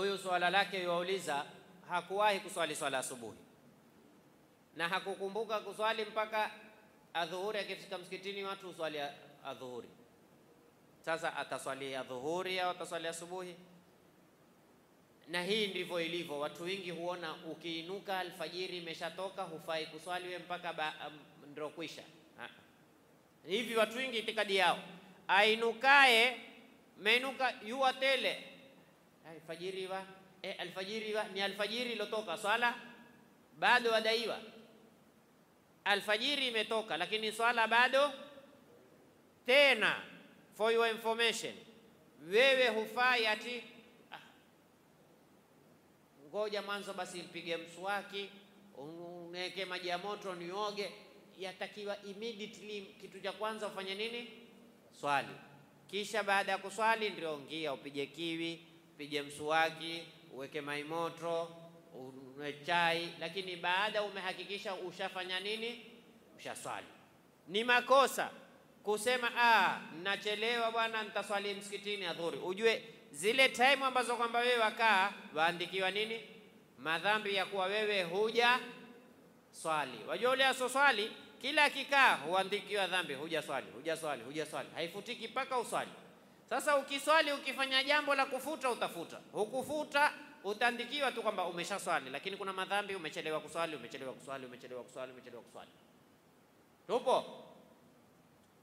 huyu swala lake yuwauliza, hakuwahi kuswali swala asubuhi na hakukumbuka kuswali mpaka adhuhuri. Akifika msikitini watu uswali adhuhuri. Sasa ataswali adhuhuri au ataswali asubuhi? Na hii ndivyo ilivyo, watu wengi huona ukiinuka alfajiri imeshatoka, hufai kuswali we mpaka um, ndio kwisha hivi. Watu wengi itikadi yao, ainukaye meinuka yuwa tele alfajiri iva e, eh, alfajiri iva ni alfajiri ilotoka swala bado wadaiwa alfajiri imetoka lakini swala bado tena for your information wewe hufai ati ah, ngoja mwanzo basi mpige mswaki uneke maji ya moto nioge yatakiwa immediately kitu cha kwanza ufanye nini swali kisha baada ya kuswali ndio ngia upige kiwi pige mswaki, uweke mai moto, unywe chai, lakini baada umehakikisha ushafanya nini, ushaswali. Ni makosa kusema ah, nachelewa bwana, nitaswali msikitini adhuri. Ujue zile time ambazo kwamba wewe wakaa waandikiwa nini, madhambi ya kuwa wewe huja swali. Wajua ule asoswali kila kikaa huandikiwa dhambi, huja swali, huja swali, huja swali, haifutiki mpaka uswali. Sasa ukiswali ukifanya jambo la kufuta utafuta, hukufuta utaandikiwa tu kwamba umeshaswali, lakini kuna madhambi umechelewa kuswali, umechelewa kuswali, umechelewa kuswali, umechelewa kuswali. Tupo,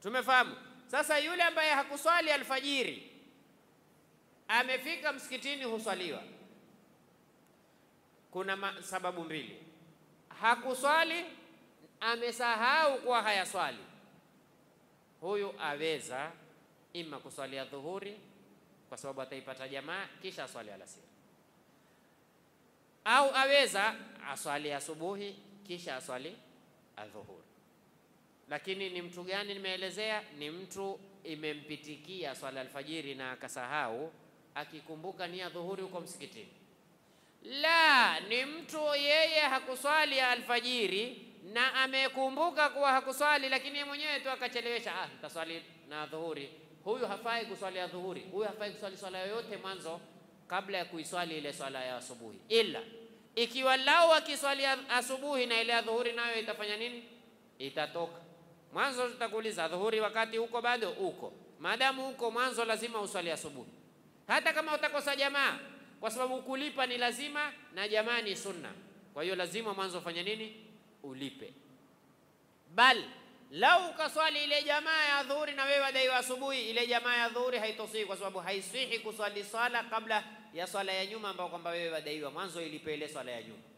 tumefahamu? Sasa yule ambaye hakuswali alfajiri amefika msikitini, huswaliwa. Kuna sababu mbili: hakuswali, amesahau kuwa hayaswali, huyu aweza ima kuswalia dhuhuri kwa sababu ataipata jamaa, kisha aswali alasiri, au aweza aswali asubuhi kisha aswali adhuhuri. Lakini ni mtu gani? Nimeelezea ni mtu imempitikia swala alfajiri na akasahau, akikumbuka ni adhuhuri huko msikitini. La, ni mtu yeye hakuswali alfajiri na amekumbuka kuwa hakuswali, lakini yeye mwenyewe tu akachelewesha, ah, nitaswali na dhuhuri huyu hafai kuswali ya dhuhuri, huyu hafai kuswali swala yoyote mwanzo kabla ya kuiswali ile swala ya asubuhi, ila ikiwa lao akiswali asubuhi na ile ya dhuhuri nayo itafanya nini? Itatoka mwanzo. Tutakuuliza dhuhuri wakati huko bado uko, maadamu huko mwanzo lazima uswali asubuhi, hata kama utakosa jamaa, kwa sababu kulipa ni lazima na jamaa ni sunna. Kwa hiyo lazima mwanzo ufanye nini? Ulipe bal lau ukaswali ile jamaa ya dhuhuri na wewe wadaiwa asubuhi, ile jamaa ya dhuhuri haitosihi, kwa sababu haisihi kuswali swala kabla ya swala ya nyuma ambayo kwamba wewe wadaiwa mwanzo ilipele ile swala ya nyuma.